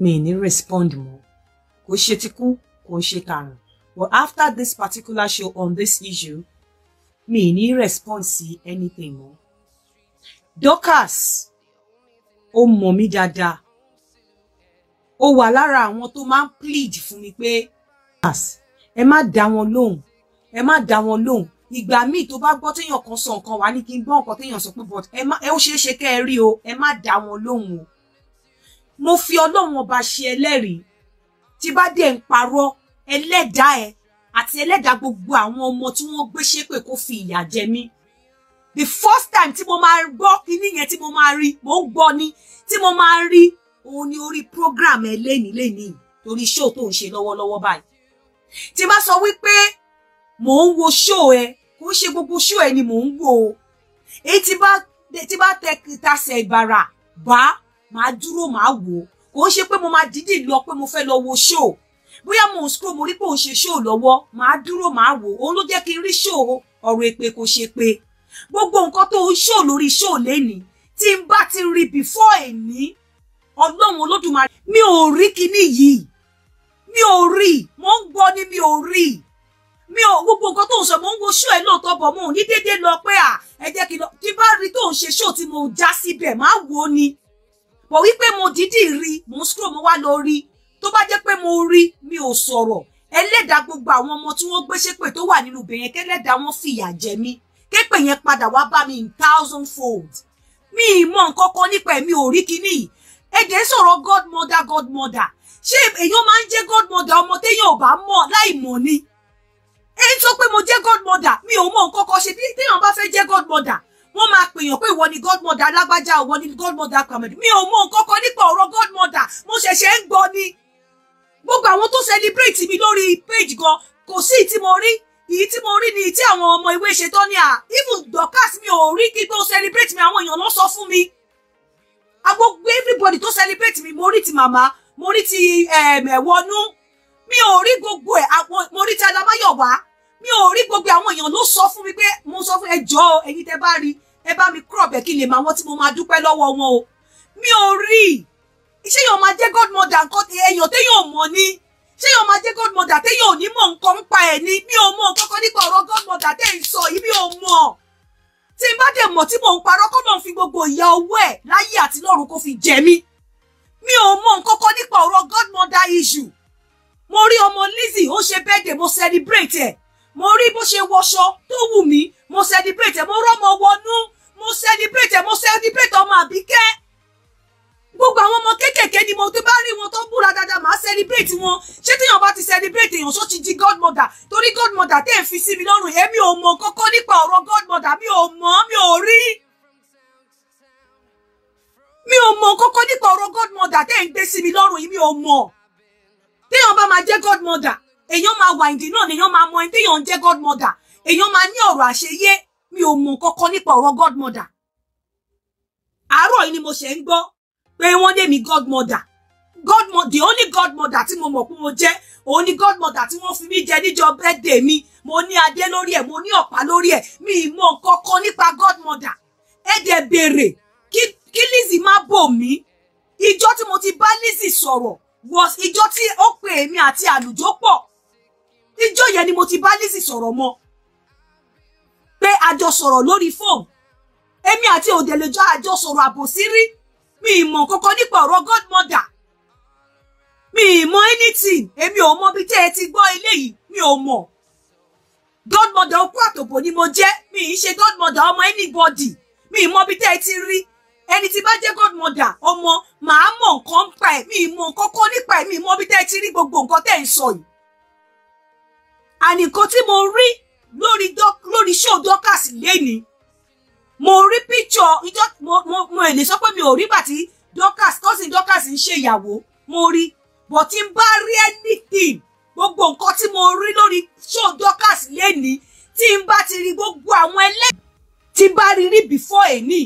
mi respond more. kò ṣe ti kú but after this particular show on this issue mi respond see anything more. Dorcas ó mommy dada, dáadáa walara wà to man plead fún mi pé ẹ má dá wọn lóhùn ẹ má dá wọn lóhùn ìgbà míì tó bá gbọ́ téèyàn kan sọ nǹkan wà ní kí n gbọ́ nǹkan téèyàn sọ pé but ẹ ó ṣeé ṣe kẹ́ ẹ rí o ẹ má dá wọn lóhùn o mo fi ọlọ́run ọba ṣe ẹlẹ́rìí tí bá dé ń parọ́ ẹlẹ́dàá ẹ àti ẹlẹ́dàá gbogbo àwọn ọmọ tí wọ́n gbé ṣépè kó fi ìyà jẹ mí the first time tí mo máa gbọ́ kíní yẹn tí mo máa rí mo ń gbọ́ ni tí mo máa rí òun ni orí program ẹ lénìí lénìí torí show tó ń ṣe lọ́wọ́lọ́wọ́ báyìí tí bá sọ wípé mò ń wo show ẹ kò ṣe gbogbo show ẹ ni mò ń wò ó èyí tí bá tẹ tasẹ̀ ìbàrà bá màá dúró màá wò ó kò ń ṣe pé mo máa dídì lọ pé mo fẹ́ lọ wo ṣóò bóyá mo ń scroll mo rí pé òun ṣe ṣóò lọ́wọ́ màá dúró màá wò ó òun ló jẹ́ kí n rí ṣóò ọ̀rọ̀ èpè kò ṣe pé gbogbo nǹkan tó ń ṣóò lórí ṣóò lẹ́nìí tí n bá ti rí before èní ọlọ́run olódùmarè mi ò rí kinní yìí mi ò rí mo ń gbọ́ ni mi ò rí mi ò gbogbo nǹkan tó ń sọ mo ń wo ṣó ẹ lóòótọ́ bọ̀ mo ò ní déédéé lọ pé à ẹ jẹ́ kí n lọ tí bá rí tó ń ṣe ṣó tí mo já síbẹ̀ máa wò ni bọ̀ wípé mo dídì rí mo ń scroll mo wá lọ rí tó bá jẹ́ pé mo rí mi ò sọ̀rọ̀ ẹlẹ́dàá gbogbo àwọn ọmọ tí wọ́n gbé ṣépè tó wà nínú ibẹ̀ yẹn kẹ́lẹ́dàá wọn fìyà jẹ mí képè yẹn padà wá bá mi in thousand fold mi ì mọ nǹkan kan nípa ẹ̀mí ò rí kíní èdè sọ̀rọ̀ godmother godmother ṣé èèyàn máa ń jẹ́ godmother ọmọ téèyàn ò bá mọ̀ láì mọ̀ ni ẹ ń sọ pé mo jẹ́ godmother mi ò mọ nǹkan kan ṣe bí téèyàn bá fẹ́ jẹ́ godmother máa pèèyàn pé ìwọ ni godmother alágbájá ìwọ ni godmother kàmẹ́dì mi ò mọ nǹkan nípa ọ̀rọ̀ godmother mo ṣẹ̀ṣẹ̀ ń gbọ́ ni gbogbo àwọn tó celebrate mi lórí page gan kò sí tí mo rí èyí tí mo rí ni tí àwọn ọmọ ìwé ṣe tán ní à even dorcas mi ò rí kí tó celebrate mi àwọn èèyàn lọ sọ fún mi agbogbo everybody tó celebrate mi mo rí ti màmá mo rí ti ẹ̀wọ̀nú mi ò rí gbogbo ẹ̀ mo rí ti alámáyọ̀wá mi ò rí gbogbo àwọn èèyàn ló sọ fún mi pé mo sọ fún ẹjọ́ ẹ̀yin tẹ́ bá rí ẹ bá mi crop ẹ̀ kí n lè mọ àwọn tí mo máa dúpẹ́ lọ́wọ́ wọn o mi ò rí ṣé yóò máa jẹ́ godmother nǹkan èèyàn tẹ́ yóò mọ̀ ni ṣé yóò máa jẹ́ godmother tẹ́ yóò ní mọ̀ nǹkan pa ẹ̀ ni mi ò mọ̀ kọ́kọ́ nípa ọ̀rọ̀ godmother tẹ́ ń sọ yìí mi ò mọ̀ tí n bá dẹ̀ mọ̀ tí mò ń parọ́ kọ́ fi gbogbo ìyà owó ẹ̀ láyé àti lọ́run kó fi jẹ mí mi ò mọ̀ nǹkan kan nípa ọ̀rọ̀ godmother issue mo rí ọmọ Lizzy ó ṣe birthday mo celebrate ẹ̀ mo rí bó ṣe wọṣọ tó wù mí mo celebrate ẹ̀ mo rọ́mọ wọnú mo celebrate mo celebrate ọmọ àbíkẹ́ gbogbo àwọn ọmọ kéékèèké ni mo tó bá rí wọn tó búra dáadáa màá celebrate wọn ṣé téèyàn bá ti celebrate èèyàn só ti di godmother torí godmother tẹ́ ẹ̀ fi sí mi lọ́rùn èmi ò mọ kókó nípa ọ̀rọ̀ godmother mi ò mọ̀ mi ò rí mi ò mọ kókó nípa ọ̀rọ̀ godmother tẹ́ ẹ̀ ń gbé sí mi lọ́rùn yìí mi ò mọ̀ téèyàn bá máa jẹ́ godmother èèyàn máa wà ìdí náà èèyàn máa mọ ẹni téèyàn ń jẹ́ godmother èèyàn máa ní ọ̀rọ̀ àṣeyé mi ò mọ̀ kankan nípa ọ̀rọ̀ godmother àárọ̀ yìí ni mo ṣe ń gbọ́ pé wọ́n dé mi godmother godmother the only godmother tí mo mọ̀ pé mo jẹ́ òun ni godmother tí wọ́n fi mí jẹ níjọ birthday mi mo ní adé lórí ẹ̀ mo ní ọ̀pá lórí ẹ̀ mi ì mọ̀ kankan nípa godmother ẹ dẹ̀ béèrè kí kí Lizzy má bò mí ìjọ tí mo ti bá Lizzy sọ̀rọ̀ was ìjọ tí ó pè mí àti àlùjọ pọ̀ ìjọ yẹn ni mo ti bá Lizzy sọ̀rọ̀ mọ́ pé àjọ sọ̀rọ̀ lórí fóònù èmi àti òdèlèjọ àjọ sọ̀rọ̀ àbòsí rí mi ìmọ̀ kankan nípa ọ̀rọ̀ godmother mi ìmọ̀ anything èmi ò mọ bí tẹ́ ẹ ti gbọ́ eléyìí mi ò mọ̀ godmother okú àtòbò ni mo jẹ́ mi ì ṣe godmother ọmọ anybody mi ìmọ̀ bí tẹ́ ẹ ti rí ẹni tí bá jẹ́ godmother ọmọ màá mọ̀ nǹkan pa ẹ̀ mi ìmọ̀ kankan nípa ẹ̀ mi ìmọ̀ bí tẹ́ ẹ ti rí gbogbo nǹkan tẹ́ ẹ ń sọ yìí àní tí mo rí lórí lórí show Dorkas lẹ́ni mo rí píkṣọ ìjọ mo mo èlé sọ pé mi ò rí bàtí Dorkas tọ́sí Dorkas ń ṣe ìyàwó mo rí but tí n bá rí anything gbogbo nǹkan tí mo rí lórí show Dorkas lẹ́ni tí n bá ti rí gbogbo àwọn ẹlẹ́yìn tí n bá rí rí before èní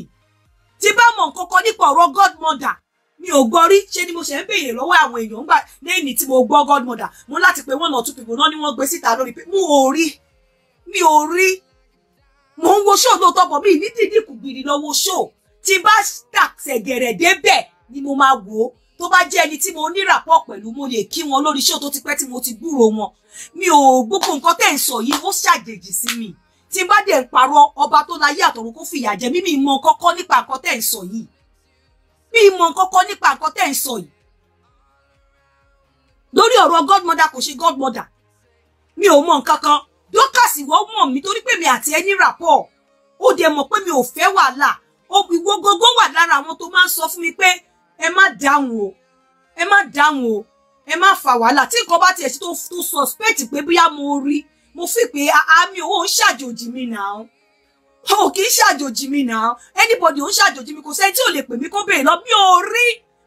tí n bá mọ̀ nǹkan kan nípa ọ̀rọ̀ godmother mi ò gbọ́ rí ṣe ni mo ṣe ń béèrè lọ́wọ́ àwọn èèyàn ńgbà lẹ́yìn tí mo gbọ́ godmother mo láti pe one or two people náà ni wọ́n gbé síta lórí pé mo ò rí mi ò rí mò ń wo ṣó lóòótọ́ bọ̀ mí ní dídì kù gbìrì lọ́wọ́ ṣó tí bá tàṣẹ̀gẹ̀rẹ̀ débẹ̀ ni mo máa wò ó tó bá jẹ́ ẹni tí mo níràpọ̀ pẹ̀lú mo lè kí wọn lórí ṣó tó ti pẹ́ tí mo ti gbúrò wọn mi ò gbogbo nǹkan tẹ̀ ń sọ yìí ó ṣàjèjì sí mi tí bá dẹ̀ ń parọ́ ọba tó láyé àtọ̀run kó fìyà jẹ mí mi mọ kọ́kọ́ nípa nǹkan tẹ̀ ń sọ yìí mi mọ kọ́kọ́ nípa nǹkan tẹ̀ ń sọ yìí lórí ọ̀rọ̀ godmother kò ṣe godmother mi ò mọ nǹkan kan Dorcas ìwọ mọ̀ mí torí pé mi àti ẹni rapport ó dẹ̀ mọ̀ pé mi ò fẹ́ wàhálà ìwọ gógó wà lára àwọn tó máa ń sọ fún mi pé ẹ má dáhùn o ẹ má dáhùn o ẹ má fà wàhálà tí nǹkan bá tiẹ̀ sí tó suspect pé bóyá mo rí mo fi pé àmì ah, ah, owó ń ṣàjòjì mi náà o kì í ṣàjòjì mi náà anybody ò ń ṣàjòjì mi kò sẹ́ni tí ò lè pè mí kó béèrè lọ bí o rí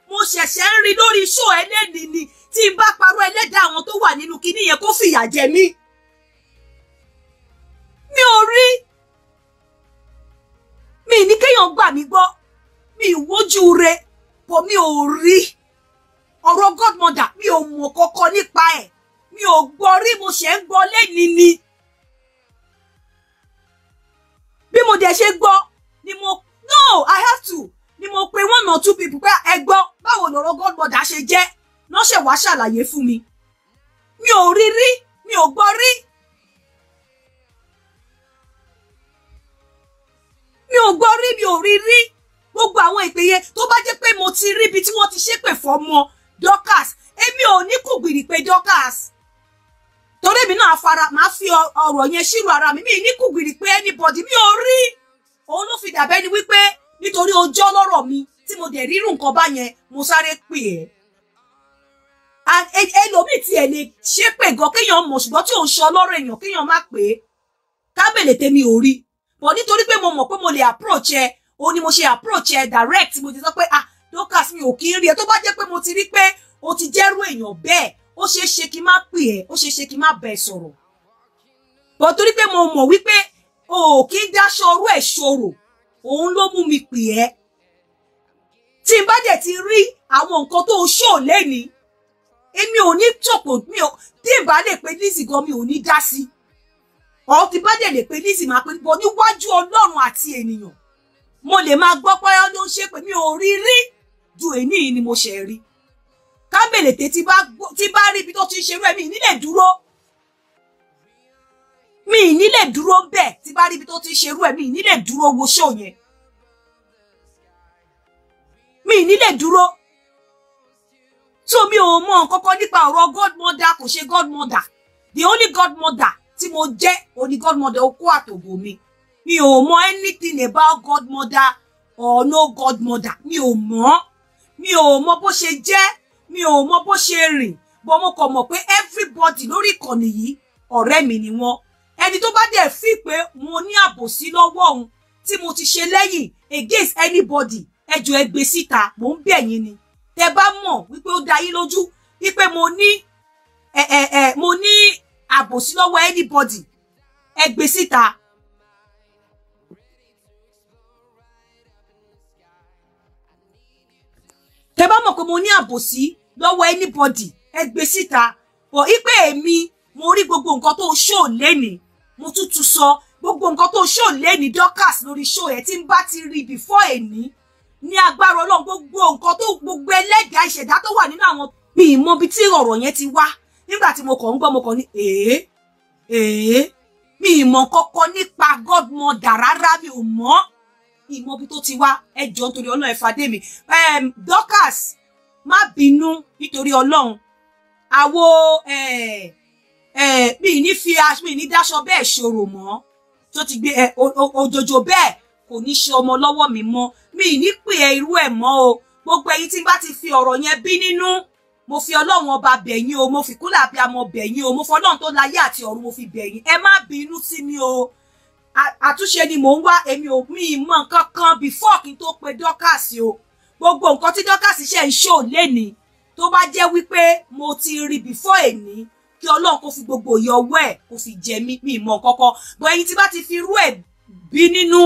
mo ṣẹ̀ṣẹ̀ ń rí lórí ṣó ẹlẹ́ni ni tí n bá parọ́ ẹlẹ́dàá àwọn tó wà nínú kinní yẹn kó fìyà jẹ mí èèyàn gbà mí gbọ́ mi ìwójú re bò mi ò rí ọ̀rọ̀ godmother mi ò mọ̀ kọ́kọ́ nípa ẹ̀ mi ò gbọ́ rí mo ṣe ń gbọ́ lẹ́ni ni bí mo dẹ̀ ṣe gbọ́ ni mo no i have to ni mo pe one or two people pé ẹ gbọ́ báwo lọ̀rọ̀ godmother ṣe jẹ́ lọ́sẹ̀ wá ṣàlàyé fún mi mi ò rí rí mi ò gbọ́ rí mi ò gbọ́ rí mi ò rí rí gbogbo àwọn ìpè yẹn tó bá jẹ́ pé mo ti rí ibi tí wọ́n ti ṣépè fọ́mọ Dorcas èmi ò ní kùgbìrì pé Dorcas torí mi náà fara máa fi ọ̀rọ̀ yẹn ṣírò ara mi mi ní kùgbìrì pé anybody mi ò rí òun ló fi dàbẹ́ ni wípé nítorí ọjọ́ lọ́rọ̀ mi tí mo dẹ̀ rírun nǹkan bá yẹn mo sáré pè ẹ́ ẹlòmíì tí ẹ lè ṣépè gan kéèyàn mọ̀ ṣùgbọ́n tí òun ṣe ọlọ́rọ̀ èèyàn kéèyàn má pè é tábìlì tèmi ò rí but nítorí pé mo mọ̀ pé mo lè approach ẹ o ni mo ṣe approach ẹ direct mo ti sọ pé ah Dorcas mi ò kí ń rí ẹ tó bá jẹ́ pé mo ti rí pé o ti jẹ́rú èèyàn bẹ́ẹ̀ ó ṣeé ṣe kí n má pè ẹ́ ó ṣeé ṣe kí n má bẹ̀ sọ̀rọ̀ but torí pé mo mọ̀ wípé o ò kí ń dáṣọ orú ẹ̀ ṣòro òun ló mú mi pè ẹ́ tí n bá dẹ̀ ti rí àwọn nǹkan tó ṣó lẹ́ni èmi ò ní tòpò mi ò tí n bá lè pe nísìgàn mi ò ní dá sí i ọ ti bá dẹ̀ lè pé Lizzy máa pé bọ́ níwájú ọlọ́run àti ènìyàn mo lè máa gbọ́ pé ó ló ń ṣe pé mi ò rí rí ju èní ni mo ṣe rí kábèlètè tí bá rí ibi tó ti ń ṣerú ẹ̀ mi nílẹ̀ dúró mi nílẹ̀ dúró ń bẹ̀ tí bá rí ibi tó ti ń ṣerú ẹ̀ mi nílẹ̀ dúró wo ṣó yẹn mi nílẹ̀ dúró tó mi ò mọ nǹkan kan nípa ọ̀rọ̀ godmother kò ṣe godmother the only godmother tí mo jẹ́ oní godmother okó àtòbò mi mi ò mọ anything about godmother or no godmother mi ò mọ̀ mi ò mọ bó ṣe jẹ́ mi ò mọ bó ṣe rìn bọ́ mo kàn mọ̀ pé everybody lórí ìkànnì yìí ọ̀rẹ́ mi ni wọ́n ẹni tó bá dẹ̀ fi pé mo ní àbòsí lọ́wọ́ òun tí mo ti ṣe lẹ́yìn against anybody ẹjọ́ ẹ gbé síta mò ń bẹ̀ yín ni tẹ bá mọ̀ wípé ó dá yín lójú wípé mo ní ẹ ẹ ẹ mo ní àbòsí lọ́wọ́ anybody ẹ gbé síta. tẹ bá mọ̀ pé mo ní mo rí gbogbo nǹkan tó ṣó mo tutu sọ gbogbo nǹkan tó ṣó lẹ́nìí Dorkas lórí ṣó ẹ̀ tí ń bá ti rí before èní ní agbára ọlọ́run gbogbo nǹkan tó gbogbo ẹlẹ́dàá ìṣẹ̀dá tó wà nínú àwọn. mi ìmọ̀ ibi tí yẹn ti wá nígbà tí mo kàn ń gbọ́ mo kàn ní èé èé mi ìmọ̀ kọ́kọ́ nípa godmother rárá mi ò mọ̀ ìmọ̀ bí tó ti wá ẹjọ́ nítorí ọlọ́run ẹ̀fà dé mi Dorcas má bínú nítorí ọlọ́run àwo mi ní fi mi ní dáṣọ bẹ́ẹ̀ ṣòro mọ́ tó ti gbé òjòjò bẹ́ẹ̀ kò ní ṣe ọmọ lọ́wọ́ mi mọ́ mi ní pè é irú ẹ̀ mọ́ o gbogbo ẹ̀yin tí n bá ti fi ọ̀rọ̀ yẹn bí nínú mo fi ọlọ́run ọba bẹ̀yìn o mo fi kúlẹ̀ àbí bẹ̀yìn o mo fi ọlọ́run tó láyé àti ọ̀run mo fi bẹ̀yìn ẹ má bínú sí mi o àtúnṣe ni mò ń wá èmi ò mí mọ nǹkan kan before kí n tó pe Dorcas o gbogbo nǹkan tí Dorcas ṣe ń ṣò lénìí tó bá jẹ́ wípé mo ti rí before èní kí ọlọ́run kó fi gbogbo ìyọwọ́ ẹ̀ kó fi jẹ mí mi mọ kọ́kọ́ bọ́ ẹ̀yin tí bá ti fi irú ẹ̀ bí nínú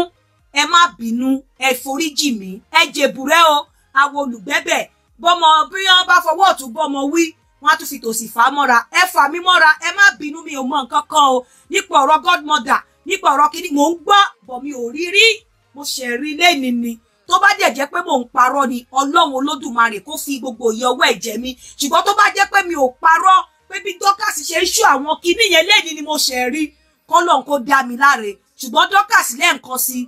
ẹ má bínú ẹ foríjì mí ẹ jèbùrẹ́ o àwọn olùgbẹ́bẹ̀ bọ́mọ bí wọ́n bá fọwọ́ ọ̀tún bọ́mọ wí wọ́n á tún fi tòsì fà á mọ́ra ẹ fà mí mọ́ra ẹ má bínú mi ò mọ nǹkan kan o nípa ọ̀rọ̀ godmother nípa ọ̀rọ̀ kínní mò ń gbọ́ bọ̀ mi ò rí rí mo ṣẹ̀ rí lẹ́ni ni tó bá dẹ̀ jẹ́ pé mò ń parọ́ ni ọlọ́run olódùmarè kó fi gbogbo ìyọwọ́ ẹ̀jẹ̀ mi ṣùgbọ́n tó bá jẹ́ pé mi ò parọ́ pé bí dọ́kàsì ṣe ń ṣú àwọn kinní yẹn lẹ́ni ni mo ṣẹ̀ rí kọ́lọ́n kó dá mi láre ṣùgbọ́n dọ́kàsì lẹ́ǹkan sí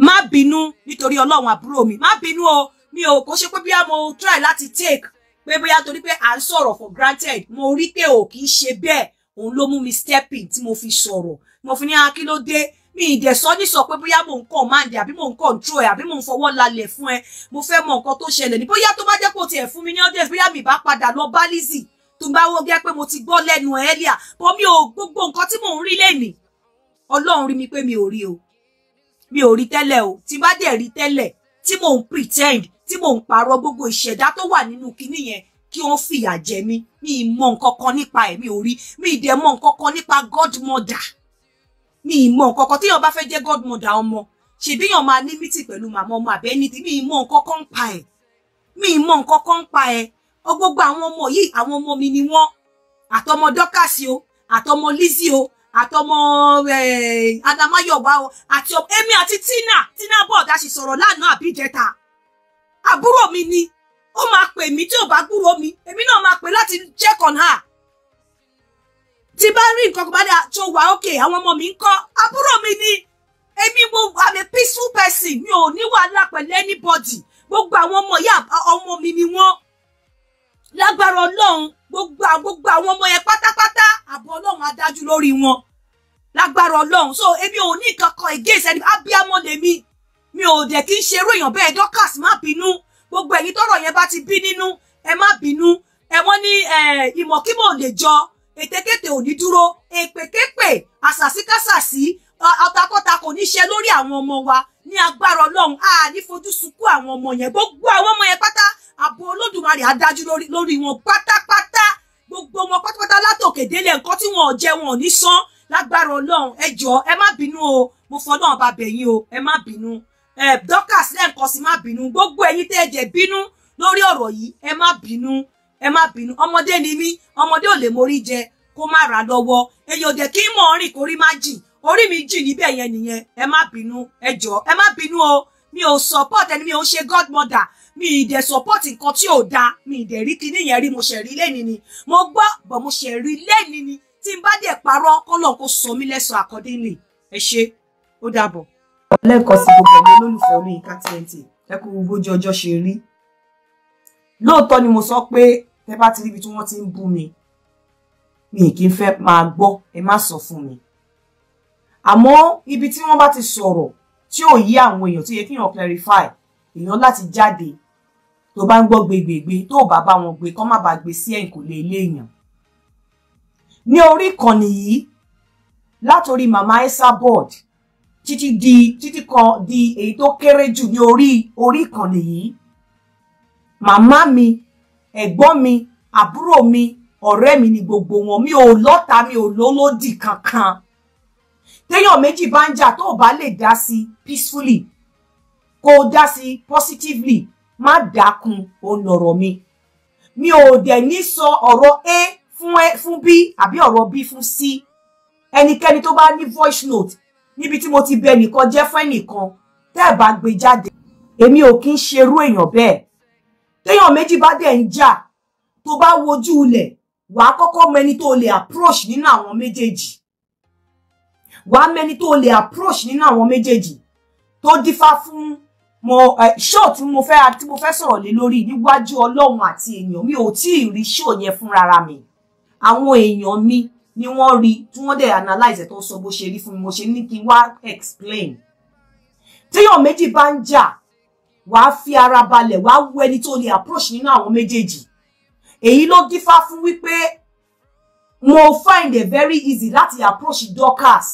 má bínú nítorí ọlọ́run àbúrò mi má bínú o mi ò kó ṣe pé bóyá mo try láti take pé bóyá torí pé à ń sọ̀rọ̀ for granted mo rí pé ò kì í ṣe bẹ́ẹ̀ òun ló mú mi stepping tí mo fi sọ̀rọ̀ mo fi ní ah kí ló dé mi ìdẹ̀ sọ ní sọ pé bóyá mò ń command àbí mò ń control ẹ àbí mò ń fọwọ́ lalẹ̀ fún ẹ mo fẹ́ mọ nǹkan tó ṣẹlẹ̀ ní bóyá tó bá jẹ́ kó tiẹ̀ fún mi ní audience bóyá mi bá padà lọ bá Lizzy tó bá wọ́n gẹ́ pé mo ti gbọ́ lẹ́nu ẹ̀ ẹ́líà bọ́ mi ò gbogbo nǹkan tí mò ń rí lẹ́nìí ọlọ́run rí mi pé mi ò rí o mi ò rí tẹ́lẹ̀ o tí bá dẹ̀ rí tẹ́lẹ̀ tí mò ń pretend tí mò ń parọ́ gbogbo ìṣẹ̀dá tó wà nínú kinní yẹn kí wọ́n fìyà jẹ mí mi ì mọ nǹkan kan nípa ẹ̀ mi ò rí mi ì dẹ̀ mọ nǹkan kan nípa godmother mi ì mọ nǹkan kan téèyàn bá fẹ́ jẹ́ godmother ọmọ ṣèbíyàn máa ní mítì pẹ̀lú màmá ọmọ àbẹ́ ní ti mi ì mọ nǹkan kan ń pa ẹ̀ mi ì mọ nǹkan kan ń pa ẹ̀ gbogbo àwọn ọmọ yìí àwọn ọmọ mi ni wọ́n àtọmọ dọ́kàsí o àtọmọ Lizzy o àtọmọ eh, adamayọba o àti Emi àti tina tina bọọd a sọrọ sọ̀rọ̀ lánàá àbí àbúrò mi ni ó máa pè mí tí ò bá gbúrò mi èmi náà máa pè láti check on her tí bá rí nǹkan kan bá dà tó wà ókè àwọn ọmọ mi ń kọ́ àbúrò mi ni èmi mo i'm a peaceful person mi ò ní wàhálà pẹ̀lú anybody gbogbo àwọn ọmọ ìyá ọmọ mi ni wọ́n lágbára ọlọ́run gbogbo gbogbo àwọn ọmọ yẹn pátápátá àbọ̀ ọlọ́run á dájú lórí wọn lágbára ọlọ́run so èmi ò ní kankan against ẹni abiyamọ lèmi mi ò dẹ̀ kí n ṣerú èèyàn bẹ́ẹ̀ dọ́kàs má bínú gbogbo ẹ̀yin tọ́rọ̀ yẹn bá ti bí nínú ẹ má bínú ẹ wọ́n ní ìmọ̀kímọ̀ lè jọ ètekéte ò ní dúró èpèképè àṣàṣíkàṣàṣí ọtakọta kò ní ṣe lórí àwọn ọmọ wa ní agbára ọlọ́run a ní fojú sunkún àwọn ọmọ yẹn gbogbo àwọn ọmọ yẹn pátá ààbò olódùmarè á dájú lórí wọn pátápátá gbogbo wọn pátápátá látòkè délẹ̀ nǹkan tí wọn ò jẹ wọn ò ní san lágbára ọlọ́run ẹ jọ ẹ má bínú o mo fọlọ́run bá bẹ̀yìn o ẹ má bínú ẹ dọ́kàs lẹ́ẹ̀kan sí má bínú gbogbo ẹ̀yin tẹ́ ẹ jẹ̀ bínú lórí ọ̀rọ̀ yìí ẹ má bínú ẹ má bínú ọmọdé ni mí ọmọdé ò lè morí jẹ kó má ra lọ́wọ́ èyí ò dẹ̀ kí mọ̀ ọ́n rìn kórí má jìn orí mi jìn níbẹ̀ yẹn nìyẹn ẹ má bínú ẹ jọ ẹ má bínú o mi ò support ẹni mi ò ń ṣe godmother mi ì dẹ̀ support nǹkan tí ò dáa mi ì dẹ̀ rí kinní yẹn rí mo ṣẹ̀ rí lẹ́ni ni mo gbọ́ bọ̀ mo ṣẹ̀ rí lẹ́ni ni tí n bá dẹ̀ parọ́ kọ́lọ́n kó sọ mí lẹ́sọ̀ accordingly ẹ ṣe ó dàbọ̀. lẹ́ẹ̀kan sí gbogbo ẹ̀mí olólùfẹ́ Olóyinka TNT ẹ kú bójú ọjọ́ ṣe rí lóòótọ́ ni mo sọ pé ẹ bá ti ríbi tí wọ́n ti ń bú mi mi kì í fẹ́ máa gbọ́ ẹ má sọ fún mi àmọ́ ibi tí wọ́n bá ti sọ̀rọ̀ tí ò yí àwọn èèyàn tó yẹ kí èèyàn clarify èèyàn láti jáde tó bá ń gbọ́ gbègbègbè tó bá bá wọn gbé kọ́ má bàa gbé sí ẹ̀yìnkùlé ilé èèyàn ní orí ìkànnì yìí látòrí mama esa board títí di títí kan di èyí tó kéré jù ní orí orí ìkànnì yìí màmá mi ẹ̀gbọ́n mi àbúrò mi ọ̀rẹ́ mi ni gbogbo wọn mi ò lọ́ta mi ò lólódì kankan téèyàn méjì bá ń jà tó bá lè dá sí peacefully kó o dá sí positively má dákun mi mi ò de ní ọ̀rọ̀ a fún e fún b àbí ọ̀rọ̀ b fún c ẹnikẹ́ni tó bá ní voice note níbi tí mo ti bẹ nìkan jẹ́ fún ẹnìkan tẹ́ ẹ̀ jáde èmi ò kí ń ṣerú èèyàn bẹ́ẹ̀ téèyàn méjì bá dẹ̀ tó bá wojú ilẹ̀ wàá kọ́kọ́ mọ approach nínú àwọn méjèèjì tó dífá fún mo ṣó eh, tí mo fẹ́ tí mo fẹ́ sọ̀rọ̀ lé lórí níwájú ọlọ́run àti èèyàn mi ò tí ì rí ṣó yẹn fúnra mi àwọn èèyàn mi ni wọ́n rí tí wọ́n dẹ̀ analyze tó sọ bó ṣe rí fún mi mo ṣe ní kí wá explain téèyàn méjì bá ń jà wàá fi ara balẹ̀ wàá wo ẹni tó lè approach nínú àwọn méjèèjì èyí ló dífá fún wípé mo find it very easy láti approach Dorcas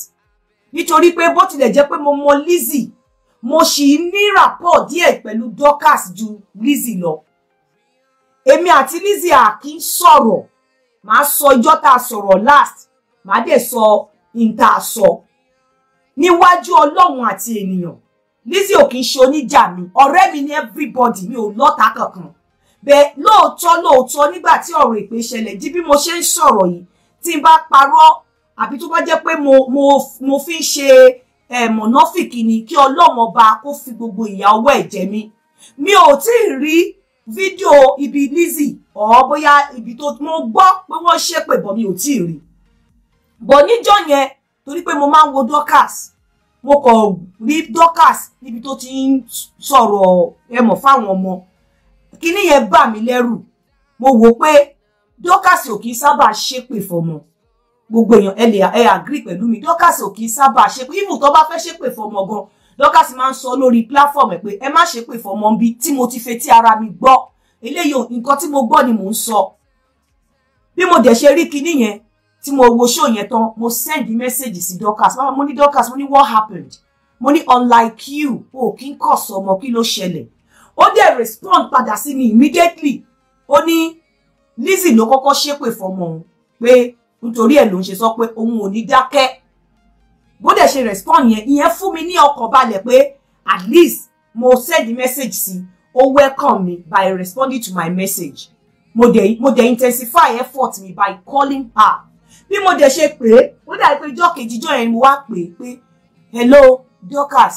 nítorí pé bó tilẹ̀ jẹ́ pé mo mọ Lizzie mo sì ní rapport díẹ̀ pẹ̀lú Dorcas ju Lizzy lọ èmi àti Lizzy àkí sọ̀rọ̀ màá sọ ọjọ́ tá a sọ̀rọ̀ last màá dẹ̀ sọ ìta sọ níwájú Ọlọ́run àti ènìyàn Lizzy ò kì í ṣe oníjà mi ọ̀rẹ́ mi ní everybody mi ò lọ́ta kankan bẹ́ẹ̀ lóòótọ́ lóòótọ́ nígbà tí ọ̀rọ̀ ìpè ṣẹlẹ̀ di bí mo ṣe ń sọ̀rọ̀ yìí tí n bá parọ́ àbí tó bá jẹ́ pé mo mo mo fi ń ṣe Eh, mọ̀nàfìkì ni kí ọlọ́run ọba kó fi gbogbo ìyàwó ẹ̀ jẹ mí mi ò tí ì rí fídíò ibi Lizzy ọ̀ bóyá ibi tó mo gbọ́ pé wọ́n ṣépè bọ̀ mi ò tí ì rí bọ̀ níjọ́ yẹn torí pé mo máa ń wo Dorcas mo kàn rí Dorcas níbi tó ti ń sọ̀rọ̀ ẹmọ̀ fáwọn ọmọ kíní yẹn bà mí lẹ́rù mo wò pé Dorcas ò kì í sábà ṣépè fọmọ gbogbo èèyàn ẹ lè ẹ agree pẹ̀lú mi dọ́kàsì ò kì í sábà ṣépè even tó bá fẹ́ ṣépè fọmọ gan dọ́kàsì máa ń sọ lórí platform ẹ̀ pé ẹ má ṣépè fọmọ ń bí tí mo ti fetí ara mi gbọ́ eléyìí nǹkan tí mo gbọ́ ni mò ń sọ bí mo dẹ̀ ṣe rí kinní yẹn tí mo wo show yẹn tán mo send message sí dọ́kàsì mo ní dọ́kàsì mo ní what happened mo ní unlike you o kí n kọ̀ sọmọ kí ló ṣẹlẹ̀ ó dẹ̀ respond padà sí mi immediately ó ní Lizzy ló kọ́kọ́ ṣépè fọmọ pé nítorí ẹ̀ ló ń ṣe sọ pé òun ò ní dákẹ́ bó dẹ̀ ṣe respond yẹn ìyẹn fún mi ní ọkàn balẹ̀ pé at least mo send message sí ó welcome me by responding to my message mo dẹ̀ mo dẹ̀ intensify effort mi by calling her bí mo dẹ̀ ṣe pé ó dàbí pé ijọ́ kejìjọ́ yẹn mo wá pè é pé hello Dorcas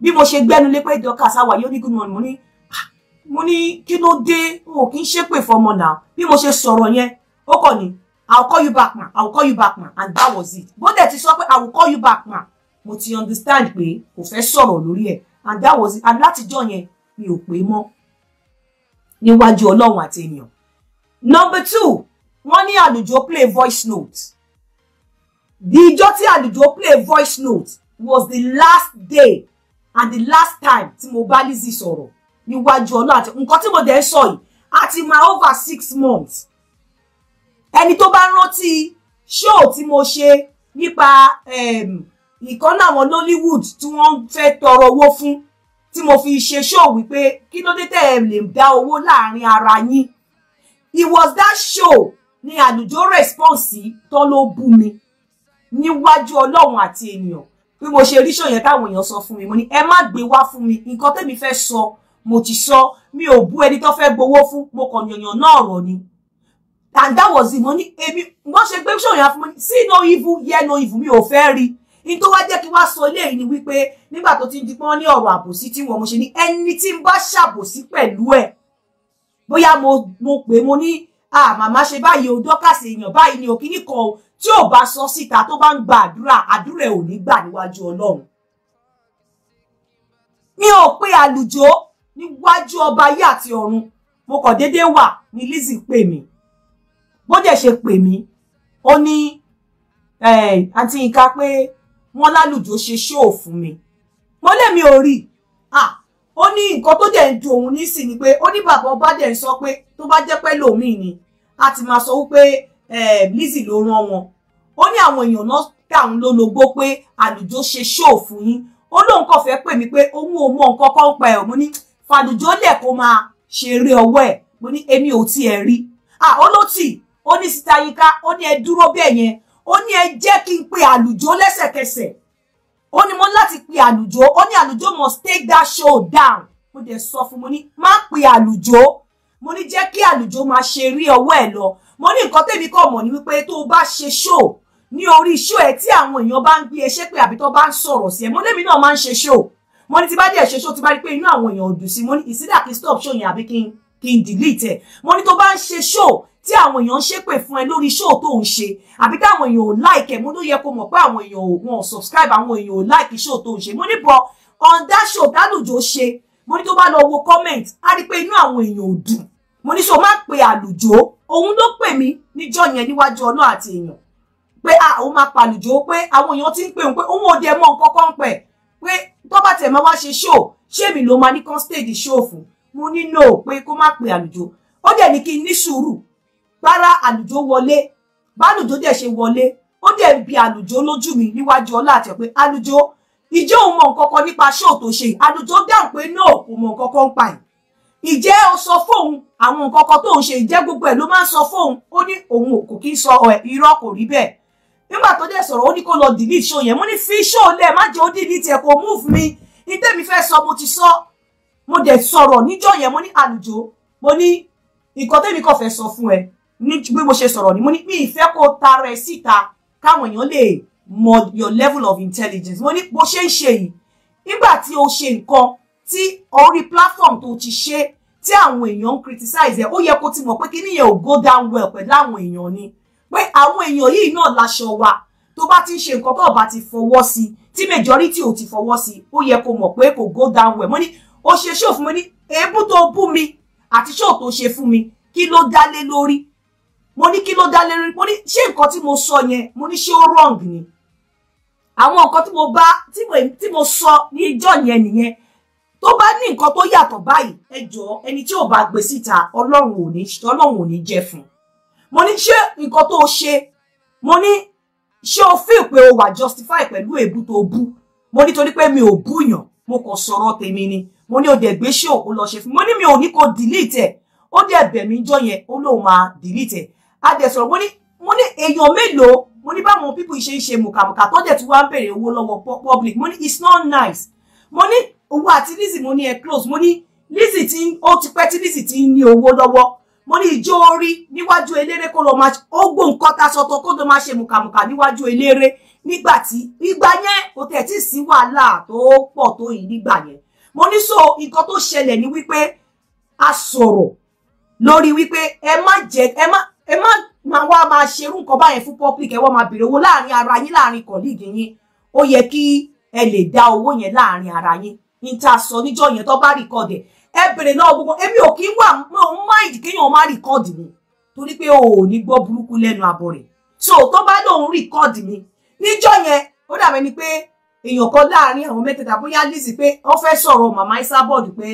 bí mo ṣe gbẹ́nu lé pé Dorcas àwa yóò ní good morning mo ní ah, mo ní kí ló dé o kì í ṣépè fọmọ náà bí mo ṣe sọ̀rọ̀ yẹn ó kàn ní I'll call you back ma I'll call you back ma and that was it But that is what i will call you back ma But you understand pé kò fẹ́ sọ̀rọ̀ lórí ẹ̀ and that was it and látijọ́ yẹn mi ò pé mọ́ níwájú ọlọ́run àti ènìyàn. number two wọ́n ní àlùjọ play voice note the ìjọ tí àlùjọ play voice note was the last day and the last time tí mo bá Lizzy sọ̀rọ̀ níwájú ọlọ́run àti nǹkan tí mo dẹ̀ ń sọ yìí my over six months ẹni tó bá rántí ṣóò tí mo ṣe nípa ìkan náà àwọn Nollywood tí wọ́n fẹ́ tọrọ owó fún tí mo fi ṣe ṣóò wípé kí ló dé tẹ́ ẹ lè dá owó láàrin ara yín it was that show ni àlùjọ response tó ló bú mi níwájú ọlọ́run àti ènìyàn bí mo ṣe rí ṣò yẹn táwọn èèyàn sọ fún mi mo ní ẹ má gbé wá fún mi nǹkan tẹ́mi fẹ́ sọ mo ti sọ mi ò bú ẹni tó fẹ́ gbowó fún mo kàn yànyàn náà rọ̀ ni and that was the money èmi wọ́n ṣe pé ṣòyàn fún mi sí no evil yẹ no evil mi ò fẹ́ rí in tó wá jẹ́ kí wá sọ eléyìí ni wípé nígbà to ti di pọ́n ní ọ̀rọ̀ àbòsí tí wọ́n mo ṣe ní ẹni tí ń bá ṣàbòsí pẹ̀lú mo mo pè mo ní ah mama ṣe báyìí o dọ́kàsí èèyàn báyìí ni òkíní kan o tí ò bá sọ síta tó bá ń gba àdúrà àdúrà ẹ̀ ò ní gbà níwájú ọlọ́run mi ò pe àlùjọ níwájú ọba ayé àti ọ̀run mo kàn déédéé wà ní Lizzy pè mí bó dẹ̀ ṣe pè mí ó ní àǹtí Yinka pé wọ́n lálùjọ ṣe ṣóò fún mi mo lèmi ò rí ó ní nǹkan tó dẹ̀ ń dùn òun nísìn ni pé ó ní bàbá ọba dẹ̀ ń sọ pé tó bá jẹ́ pẹ́ lòmíì ni a ti máa sọ wípé Lizzie ló rán wọn ó ní àwọn èèyàn náà dáhùn ló lógbó pé àlùjọ ṣe ṣóò fún yín ó lóun kàn fẹ́ pè mí pé òun ò mọ nǹkan kan pa ẹ̀ mo ní fàlùjọ lẹ̀ kó máa ṣeré ọwọ́ ẹ̀ mo ní èmi ò tiẹ̀ rí ó ló tì ó ní síta yíká ó ní ẹ dúró bẹ́ẹ̀ yẹn ó ní ẹ jẹ́ kí n pe àlùjọ lẹ́sẹ̀kẹsẹ̀ ó ní mo láti pe àlùjọ ó ní àlùjọ must take that show down mo dẹ̀ sọ fún mo ní má pe àlùjọ mo ní jẹ́ kí àlùjọ máa ṣe rí ọwọ́ ẹ̀ lọ mo ní nǹkan tèmi kọ̀ mọ̀ ní wípé tó o bá ṣe show ní orí show ẹ tí àwọn èèyàn bá ń gbé ẹ ṣépè àbí tó bá ń sọ̀rọ̀ sí ẹ mo lémi náà máa ń ṣe show mo ní ti bá díẹ̀ ṣe show ti bá rí pé inú àwọn èèyàn ò dùn sí mo ní ìsídà kí stop show yẹn àbí kí n kí n delete ẹ mo ní tó bá ń ṣe show tí àwọn èèyàn ń ṣépè fún ẹ lórí show tó ń ṣe àbí táwọn èèyàn ò like ẹ mo ló yẹ kó mọ̀ pé àwọn èèyàn wọn ò subscribe àwọn èèyàn ò like show tó ń ṣe mo ní bọ on that show tálùjọ ṣe mo ní tó bá lọ wo comment á rí pé inú àwọn èèyàn ò dùn mo ní so má pe àlùjọ òun ló pè mí níjọ́ yẹn níwájú ọlọ́ àti èèyàn pé àwọn máa pàlùjọ pé àwọn èèyàn ti ń pè òun pé òun ò dẹ mọ nǹkan kan pẹ̀ pé tó bá tẹ̀ máa wá ṣe show ṣé èmi ló máa ní kan stage show fún mo ní no pé kó má pe àlùjọ ó dẹ̀ ní kí n ní sùúrù gbára àlùjọ wọlé bálùjọ dẹ̀ ṣe wọlé ó dẹ̀ bi àlùjọ lójú mi níwájú ọlá àti ọ̀pẹ àlùjọ ìjẹ́ òun mọ̀ nǹkan kan nípa ṣóò tó ṣe àlùjọ dáhùn pé náà kò mọ̀ nǹkan kan pa ẹ̀ ìjẹ́ ó sọ fóun àwọn nǹkan kan tó ń ṣe ìjẹ́ gbogbo ẹ̀ ló máa ń sọ fóun ó ní òun kò kí ń sọ ẹ̀ irọ́ kò rí bẹ́ẹ̀ nígbà tó dẹ̀ sọ̀rọ̀ ó ní kó lọ delete show yẹn mo ní fi show lẹ̀ má jẹ́ ó delete ẹ̀ kó move mi ní tèmi fẹ́ sọ mo ti sọ mo dẹ̀ sọ̀rọ̀ níjọ́ yẹn mo ní àlùjọ mo ní nǹkan tèmi kò fẹ́ sọ fún ẹ ní bí mo ṣe sọ̀rọ̀ ni mo ní mi ìfẹ́ kó tara ẹ síta káwọn èèyàn lè mọ your level of intelligence mo ní bó ṣe ń ṣe yìí nígbà tí o ṣe nǹkan tí orí platform tó ti ṣe tí àwọn èèyàn ń criticize ẹ ó yẹ kó ti mọ̀ pé kíní yẹn ò go down well pẹ̀lú àwọn èèyàn ni pé àwọn èèyàn yìí náà láṣọ wa tó bá ti ń ṣe nǹkan tó bá ti fọwọ́ sí tí majority ò ti fọwọ́ sí ó yẹ kó mọ̀ pé kò go down well mo ní o ṣe ṣòfin mo ní èébú tó bú mi àti ṣòfin ṣe fún mi kí ló dá lé lórí mo ní kí ló dá lérí mo ní ṣé nǹkan tí mo sọ yẹn mo ní ṣé ó wrong ni àwọn nǹkan tí mo bá tí mo sọ ní ìjọ yẹn nìyẹn tó bá ní nǹkan tó yàtọ̀ báyìí ẹ jọ̀ọ́ ẹni tí ò bá gbé síta ọlọ́run ò ní ọlọ́run ò ní jẹ́ fún mo ní ṣé nǹkan tó ṣe mo ní ṣé o feel pé o wà justify pẹ̀lú èébú tó bú mo ní torí pé mi ò búyàn mo kàn sọ̀rọ̀ tèmi ni mo ní o dẹ̀ gbé ṣé òkú lọ ṣe fún mi mo ní mi ò ní kó delete ẹ̀ ó dẹ̀ bẹ̀ mí jọ yẹn ó lóun máa delete ẹ̀ adẹ̀sọ̀rọ̀ mo ní mo ní èèyàn mélòó mo ní báwọn people ṣe ń ṣe mùkàmùkà tó dẹ̀ tí wọ́n á bèrè owó lọ́wọ́ public mo ní it's not nice mo ní owó àti Lizzy mo ní ẹ close mo ní Lizzy ti ń ó ti pẹ́ tí Lizzy ti ń ní owó lọ́wọ́ mo ní ìjó orí níwájú eléré kó lọ máa ó gbó nǹkan ta sọtọ kó lọ máa ṣe mùkàmùkà níwájú eléré nígbà tí ìgbà yẹn kò tẹ̀ tí sí wàhálà tó pọ̀ tó yìí nígbà yẹn mo ní so nǹkan tó ṣẹlẹ̀ ni wípé a sọ̀rọ̀ lórí wípé ẹ má jẹ ẹ má ẹ má ma wá máa ṣerú nǹkan báyẹn fún public ẹ wá máa bèrè owó láàrin ara yín láàrin kọ̀líìgì yín ó yẹ kí ẹ lè dá owó yẹn láàrin ara yín ní ta sọ níjọ́ yẹn tó bá rìkọ́dẹ̀ ẹ bèrè náà gbogbo èmi ò kí wà mo ń máìdì kéèyàn má rìkọ́dì mi torí pé o ò ní gbọ́ burúkú lẹ́nu abọ́ rẹ̀ so tó bá lóun rìkọ́dì mi níjọ́ yẹn ó dàbẹ̀ ni pé èèyàn kan láàrin àwọn mẹ́tẹ̀ẹ̀ta bóyá Lizzy pé wọ́n fẹ́ sọ̀rọ̀ màmá Esabod pé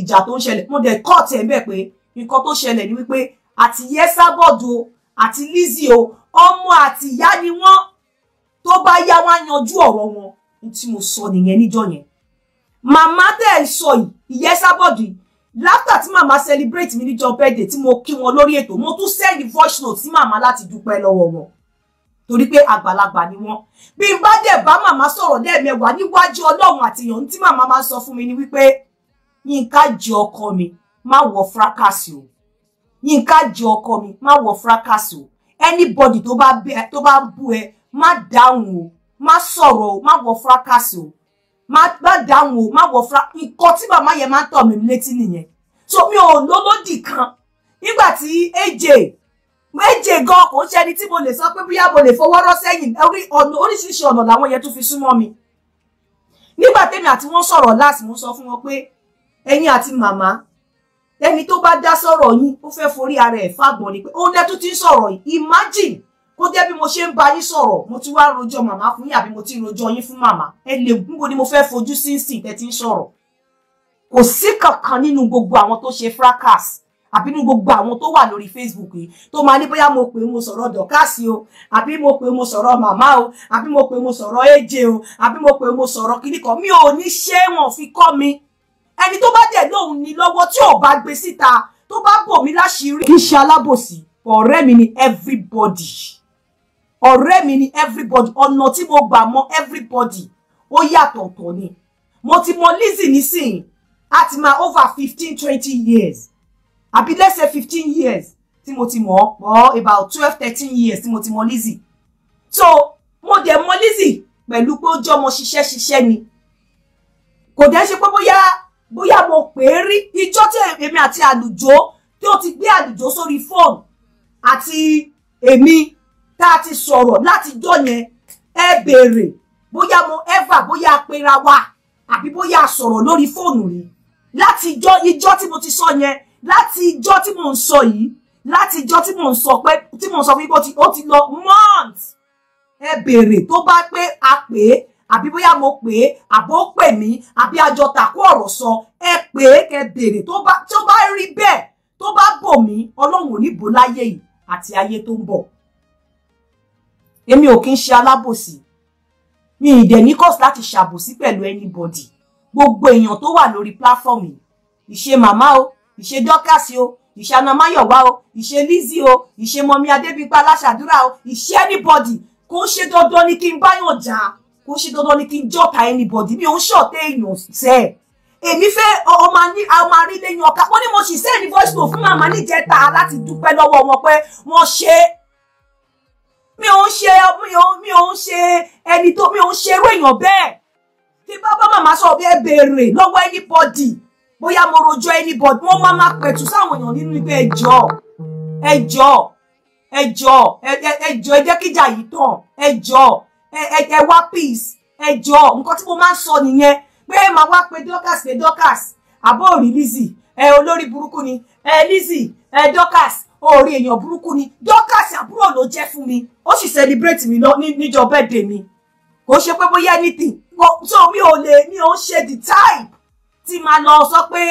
ìjà tó ń ṣẹlẹ̀ mo de kọ́ọ̀tì ẹ̀ ń bẹ̀ pé nǹkan tó ni wípé àti yẹsàbọ̀dù o àti Lizzy o ọmọ àti ìyá ni wọ́n tó bá yá wọn yanjú ọ̀rọ̀ wọn ní tí mo sọ nìyẹn níjọ́ yẹn màmá tẹ́ ẹ̀ sọ yìí ìyẹsàbọ̀dù tí màmá celebrate mi níjọ́ birthday tí mo kí wọn lórí ètò mo tún send voice note sí màmá láti dúpẹ́ lọ́wọ́ wọn torí pé àgbàlagbà ni wọ́n bí n bá dẹ̀ bá màmá sọ̀rọ̀ lẹ́ẹ̀mẹwàá níwájú Ọlọ́run àti èèyàn tí màmá máa ń sọ fún mi ni wípé Yínká jẹ́ ọkọ mi má wọ fracas o Yínká jẹ ọkọ mi má wọ fracas anybody tó bá bẹ tó bá bú ẹ má dáhùn o má sọ̀rọ̀ o má wọ fracas o má má dáhùn o má wọ fracas nǹkan tí màmá yẹn máa tọ̀ mí létí nìyẹn so mi ò lólódì kan nígbà tí AJ méje gan kò ń ṣẹni tí mo lè sọ pé bóyá mo lè fọwọ́ rọ́ sẹ́yìn oríṣiríṣi ọ̀nà làwọn yẹn tún fi súnmọ́ mi nígbà tèmi àti wọ́n sọ̀rọ̀ láti mo sọ fún wọn pé ẹ̀yin àti màmá ẹni tó bá dá sọ̀rọ̀ yín ó fẹ́ forí ara ẹ̀ fágbọ̀n ni pé ó dẹ́ tún ti ń sọ̀rọ̀ yìí imagine kó jẹ́ bí mo ṣe ń ba yín sọ̀rọ̀ mo ti wá rojọ́ màmá fún yín àbí mo ti rojọ́ yín fún màmá ẹ lè gúngo ni mo fẹ́ fojú sínsìn tẹ́ ti ń sọ̀rọ̀ kò sí kankan nínú gbogbo àwọn tó ṣe fracas àbí nínú gbogbo àwọn tó wà lórí Facebook yìí tó máa ní bóyá mo pè mo sọ̀rọ̀ dọ̀kásì o àbí mo pè mo sọ̀rọ̀ màmá o àbí mo pè mo sọ̀rọ̀ èjè o àbí mo pè mo sọ̀rọ̀ kíníkan mi ò ní ṣé wọn fi kọ́ mi ẹni tó bá dẹ̀ lóun ní lọ́wọ́ tí ò bá gbé síta tó bá bò mí láṣìírí kì í ṣe alábòsí ọ̀rẹ́ mi ni everybody ọ̀rẹ́ mi ni everybody ọ̀nà tí mo gbà mọ everybody ó yàtọ̀ ọ̀tọ̀ ni mo ti mọ Lizzy nísìnyí a ti over fifteen twenty years àbí let's say fifteen years tí mo ti mọ̀ ọ́ about twelve thirteen years tí mo ti mọ Lizzy so mo dẹ̀ mọ Lizzy pẹ̀lú pé ó jọ́ mo ṣiṣẹ́ ṣiṣẹ́ ni kò dẹ́ ṣe pé bóyá bóyá mo pè é rí ijó tí èmi àti àlùjọ tí ó ti gbé àlùjọ sórí fóònù àti èmi tá a ti sọ̀rọ̀ láti jọ yẹn ẹ béèrè bóyá mo ever bóyá pera wa àbí bóyá sọ̀rọ̀ lórí fóònù rí láti ijó ijó tí mo ti sọ yẹn láti ijó tí mo ń sọ yìí láti ijó tí mo ń sọ pé tí mo ń sọ fún yín pé ó ti lọ months ẹ béèrè tó bá pé a pè é àbí bóyá mo pè é àbó pè mí àbí àjọ tàkó ọ̀rọ̀ sọ ẹ pè é kẹ béèrè tó bá tó bá rí bẹ́ẹ̀ tó bá bò mí ọlọ́run ò ní bò láyé yìí àti ayé tó ń bọ̀ èmi ò kí ń ṣe alábòsí mi ì dẹ̀ ní cause láti ṣàbòsí pẹ̀lú anybody gbogbo èèyàn tó wà lórí platform ìṣe màmá o ìṣe dọ́kàsí o ìṣe anamáyọ̀wá o ìṣe lizzy o ìṣe mọ́mí adébígbà aláṣàdúrà o ìṣe anybody kò ń ṣe dandan ni kí n báyọ̀ jà kò ṣe dandan ni kí n jọ́ta anybody mi ò ń ṣọ̀tẹ̀ èèyàn sẹ́ èmi fẹ́ ọmọ ní ọmọ arílẹ̀ yan ọ̀ka wọ́n ní mo sì sẹ́ẹ̀dì voice note fún màmá níjẹta láti dúpẹ́ lọ́wọ́ wọn pé wọ́n ṣe é mi ò ń ṣe mi ò ń ṣe ẹni tó mi ò ń ṣe eré èèyàn bẹ́ẹ̀ tí bàbá màmá sọ bí ẹ béèrè lọ́wọ́ anybody bóyá mo rojọ́ anybody wọ́n máa máa pẹ̀tù sáwọn èèyàn nínú ibẹ̀ ẹjọ́ ẹjọ́ ẹjọ́ ẹjọ́ ẹ jẹ́ kíjà yìí tàn ẹjọ́ ẹ wá peace ẹ jọ nǹkan tí mo máa ń sọ nìyẹn pé ẹ máa wá pe Dorcas pe Dorcas àbọ̀ òrí Lizzy ẹ olórí burúkú ni ẹ Lizzy ẹ Dorcas òrí èèyàn burúkú ni Dorcas àbúrò ló jẹ́ fún mi ó sì celebrate mi níjọ birthday mi kò ṣe pé bóyá anything so mi ò lè mi ò ń ṣe the type tí máa lọ sọ pé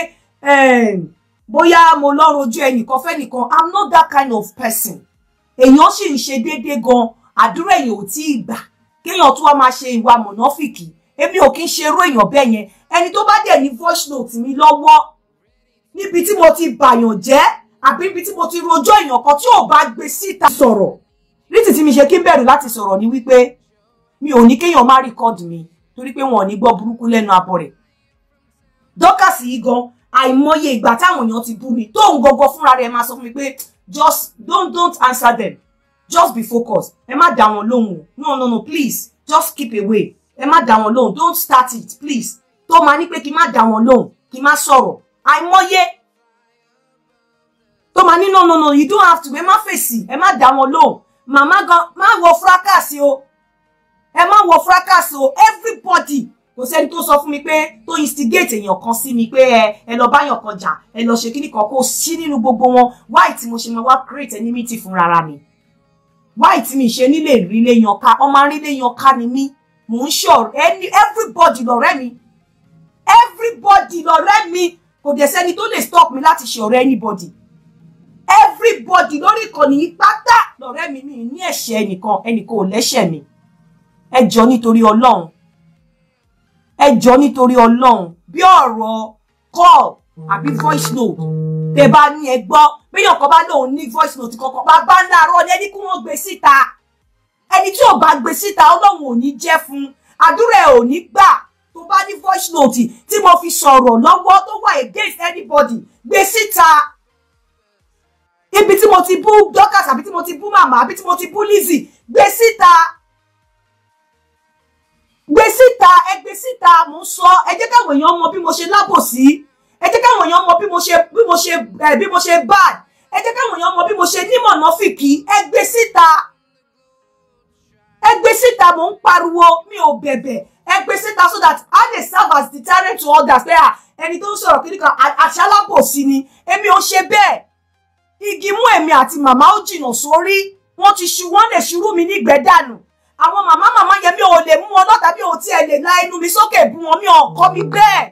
ehm, bóyá mo lọ rojú ẹnìkan fẹ́nìkan i'm not that kind of person èèyàn sì ń ṣe déédéé gan àdúrà èèyàn ò tí ì gbà kéèyàn tó wá máa ṣe ìwà mọ̀nàfìkì èmi ò kí ń ṣerú èèyàn bẹ́ẹ̀ yẹn ẹni tó bá dẹ̀ ní voice note mi lọ́wọ́ níbi tí mo ti bàyàn jẹ́ àbí níbi tí mo ti rojọ́ èèyàn kan tí ò bá gbé síta sọ̀rọ̀ rítì tí mi ṣe kí n bẹ̀rù láti sọ̀rọ̀ ni wípé mi ò ní kéèyàn má record mi torí pé wọn ò ní gbọ́ burúkú lẹ́nu abọ́ rẹ̀ dọ́kàsì yìí gan àìmọye ìgbà táwọn èèyàn ti bú mi tóun gọgọ fúnra rẹ̀ máa sọ fún mi pé just don't don't answer them just be focused Emma, down alone. no no no please just keep away Emma, down alone. don't start it please tó máa ní pé kí má dá wọn lóhùn kí má sọ̀rọ̀ àìmọye no no no you don't have to Emma, face it. Emma, down alone. Mama go. màmá gan fracas yo. Emma má fracas yo. everybody kò sẹ́ni to sọ fún mi pé tó instigate èèyàn kan sí mi pé ẹ ẹ lọ báyàn kan jà ẹ lọ ṣe kíní kan kó sí nínú gbogbo wọn why tí mo ṣe máa wá create enmity fúnra mi why tí mi ṣe nílé ìrílé yan ká ọmọ arílé yan ká ni mí mò ń ṣọ ẹni everybody lọ̀rẹ́ mi everybody lọ̀rẹ́ mi kò dẹ̀ sẹ́ni tó lè stop mi láti ṣe ọ̀rẹ́ anybody everybody lórí ìkànnì yìí pátá lọ̀rẹ́ mi mi ní ẹ̀ṣẹ̀ ẹnìkan ẹnìkan ò lẹ́ṣẹ̀ mi ẹ jọ nítorí Ọlọ́run ẹ jọ nítorí Ọlọ́run bí ọ̀rọ̀ call àbí voice note tẹ bá ní ẹ gbọ́ bíyàn kan bá lóun ní voice note kankan bàbá ńlá arọ ni ẹni kí wọ́n gbé síta ẹni tí ò bá gbé síta ọlọ́run ò ní jẹ́ fún àdúrà ẹ̀ ò ní gbà tó bá ní voice note tí mo fi sọ̀rọ̀ lọ́wọ́ tó wà against anybody gbé síta ibi tí mo ti bú Dorcas àbí tí mo ti bú màmá àbí tí mo ti bú Lizzy gbé síta gbé síta ẹ gbé síta mo ń sọ ẹ jẹ́ káwọn èèyàn mọ bí mo ṣe lábòsí. Si ẹ jẹ́ káwọn èèyàn mọ bí mo ṣe bí mo ṣe bí mo ṣe bad ẹ jẹ́ káwọn èèyàn mọ bí mo ṣe nímọ̀ nọ́fìkì ẹ gbé síta ẹ gbé síta mò ń pariwo mi ò bẹ̀bẹ̀ ẹ gbé síta so that I dey serve as deterrent to others pé ẹni tó ń sọ̀rọ̀ kiri kan àṣàlábòsí ni èmi ò ṣe bẹ́ẹ̀ igi mú èmi àti màmá ó jìnnà sórí wọ́n ti ṣu wọ́n lè ṣurú mi nígbẹ́ dànù àwọn màmá màmá yẹn mi ò lè mú wọn lọ́tà bí òun tiẹ̀ lè la ẹnu mi sókè bú wọn mi ò kọ́ mi bẹ́ẹ̀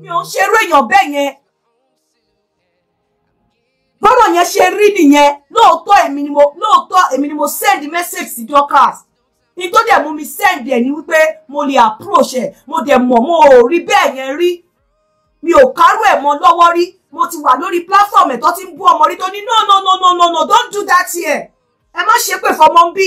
mi ò ń ṣerú èèyàn bẹ́ẹ̀ yẹn bọ́rọ̀ yẹn ṣe rí nìyẹn lóòótọ́ èmi ni mo lóòótọ́ èmi ni mo send message sí Dorkas ní tó dẹ̀ mú mi send ẹ̀ ní wípé mo lè approach ẹ̀ mo dẹ̀ mọ̀ mo ò rí bẹ́ẹ̀ yẹn rí mi ò kárò ẹ̀ mọ́ lọ́wọ́ rí mo ti wà lórí platform ẹ̀ tó ti ń bú ọmọ rí tó ní no no no no no no don't do that here ẹ má ṣépè fọmọ ń bí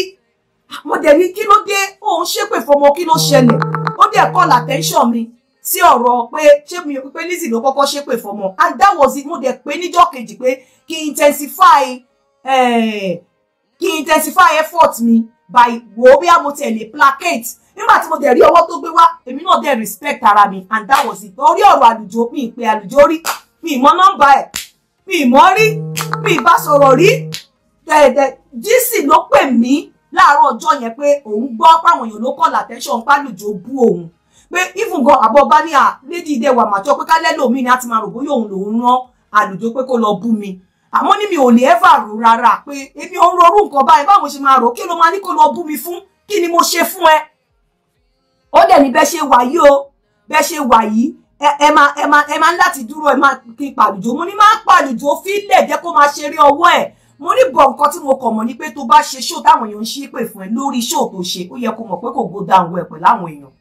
mo dẹ̀ ní kí ló dé òun ṣépè fọmọ kí ló ṣẹlẹ̀ ó dẹ̀ call attention mi sí ọ̀rọ̀ pé ṣé mi pé Lizzy ló kọ́kọ́ ṣépè fọmọ and that was it mo dẹ̀ pé níjọ́ kejì pé kí n intensify eh, kí n intensify effort mi by wo bí a mo tẹ̀lé placate nígbà tí mo dẹ̀ rí ọwọ́ tó gbé wá èmi náà dẹ̀ respect ara mi and that was it orí ọ̀rọ̀ àlùjọ mi ìpè àlùjọ rí mi ìmọ̀ nọ́mbà ẹ̀ mi ìmọ̀ rí mi ìbá sọ̀rọ̀ rí dẹ̀dẹ̀ jísì ló pè mí láàárọ̀ ọjọ́ yẹn pé òun gbọ́ páwọn èèyàn ló kọ́ làtẹ́ṣọ̀ ń pálùjọ bú òun pé even gan àbọ̀bá ní à ah, lédi ìdẹ wà màjọ pé kálẹ́ lòmí ni a ti máa rò bóyá òun lòun rán àlùjọ pé kó lọ bú mi àmọ́ ní mi ò lè ẹ́fà rò rárá pé èmi ò ń rorú nǹkan báyìí báwo ṣe máa rò kí ló máa ní kó lọ bú mi fún kí ni mo ṣe fún ẹ ó dẹ̀ ní bẹ́ ṣe wà yìí o bẹ́ ṣe wà yìí ẹ máa ẹ máa ẹ máa ń láti dúró ẹ máa kí pàlùjọ mo ní máa pàlùjọ fílẹ̀ jẹ́ kó máa ṣeré ọwọ́ ẹ̀ mo ní bọ̀ nǹkan tí mo kọ̀ mọ̀ ni pé tó bá ṣe ṣó táwọn èèyàn ń ṣí pè fún ẹ lórí ṣó tó ṣe ó yẹ kó mọ̀ pé kò go down well pẹ̀lú èèyàn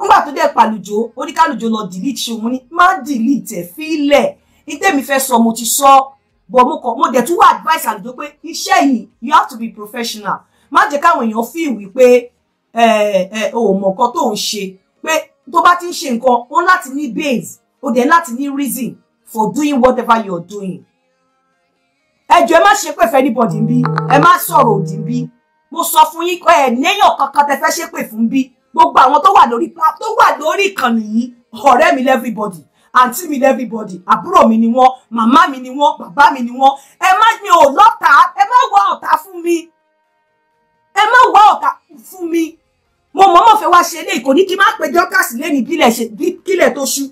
nígbà tó dẹ̀ pàlùjò oníkàlùjò lọ delete ṣe òun ni má delete ẹ̀ fílẹ̀ ní tèmi fẹ́ sọ mo ti so bọ̀ mo kọ̀ mo dẹ̀ tún wá advice àlùjọ pé iṣẹ́ yìí you have to be professional má jẹ́ káwọn èèyàn fi ìwé pé o ò mọ̀ nǹkan tó ń ṣe pé tó bá ti ń ṣe nǹkan ó láti base ó dẹ̀ láti ní reason for doing whatever you are doing. ẹ jọ̀ọ́ ẹ má ṣe anybody. fẹ́nibọ̀dì ń bí ẹ má sọ̀rọ̀ òdì ń bí mo sọ fún yín ẹ ní èèyàn kankan tẹ fẹ́ ṣépè fún bí gbogbo àwọn tó wà lórí tó wà lórí ìkànnì yìí ọ̀rẹ́ mi lẹ́fíbọ̀dì àǹtí mi lẹ́fíbọ̀dì àbúrò mi ni wọ́n màmá mi ni wọ́n bàbá mi ni wọ́n ẹ má mi ò lọ́ta ẹ má wá ọ̀tá fún mi ẹ má wá ọ̀tá fún mi mo mọ̀ọ́mọ̀ fẹ́ wá ṣe eléyìí kò ní kí n má pe dọ́kàsì lẹ́ni bílẹ̀ tó ṣú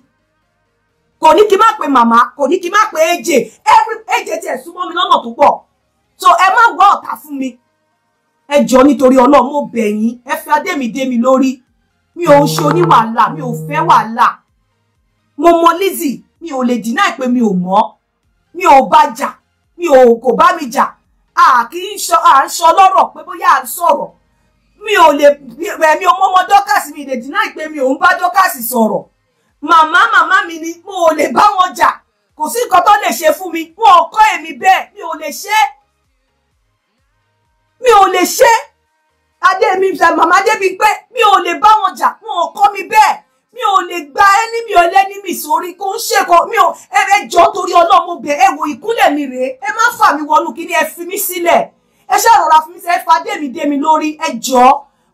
kò ní kí n má pe màmá kò ní kí n má pe èjè every èjè tiẹ̀ súnmọ́ mi lọ́nà tó pọ̀ so ẹ má wá ọ̀tá fún mi ẹ jọ nítorí ọlọ́run mo bẹ̀ yín ẹ fi adémidémi lórí mi ò ṣe oníwàhálà mi ò fẹ́ wàhálà mo mọ Lizzy mi ò lè dínà pé mi ò mọ̀ mi ò bá jà mi ò kò bá mi jà a kì í sọ à ń sọ lọ́rọ̀ pé bóyá à ń sọ̀rọ̀ mi ò lè ẹ̀mí ọmọọmọ dọ́kàsì mi lè dínà pé mi ò ń bá dọ́kàsì sọ̀rọ̀ màmá màmá mi ni mo ò lè bá wọn jà kò sí nǹkan tó lè ṣe fún mi wọn ò kọ́ èmi bẹ́ẹ̀ mi ò lè ṣe é ṣe adé mi màmá débi pé mi ò lè bá wọn jà wọn ò kọ́ mi bẹ́ẹ̀ mi ò lè gba ẹni mi ò lẹ́ni mi sórí kó ń ṣèkọ mi ò ẹ jọ torí ọlọ́mọ bẹ ẹ wo ìkúnlẹ̀ mi rèé ẹ má fà mí wọnú kí ni ẹ fi mí sílẹ̀ ẹ ṣàrọ̀ra fún mi sẹ́ ẹ fa dé mi dé mi lórí ẹ jọ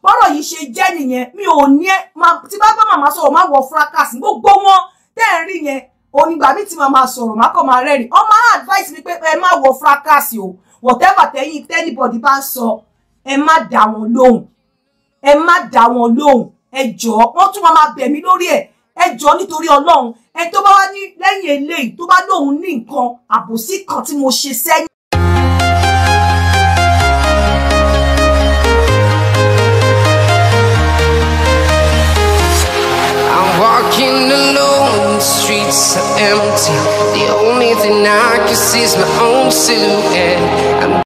bọ́rọ̀ yìí ṣe jẹ́ nìyẹn mi ò ní ẹ tí bá bá màmá sọ̀rọ̀ má wọ fracas gbogbo wọn tẹ́ ẹ̀ ń rí yẹn onígbà mi ti màmá sọ̀rọ̀ má kọ́ máa rẹ́rìn ọmọ advice mi pé ẹ má wọ fracas o whatever tẹ́yìn anybody bá ń sọ ẹ má dá wọn lóhùn ẹ má dá wọn lóhùn ẹ jọ̀ọ́ wọ́n tún máa bẹ̀ mí lórí ẹ̀ ẹ jọ̀ọ́ nítorí Ọlọ́run ẹ tó bá wá ní lẹ́yìn eléyìí tó bá lóhùn ní nǹkan àbòsí kan tí mo ṣe sẹ́yìn. Walking alone, streets are empty. The only thing I can see is my own silhouette.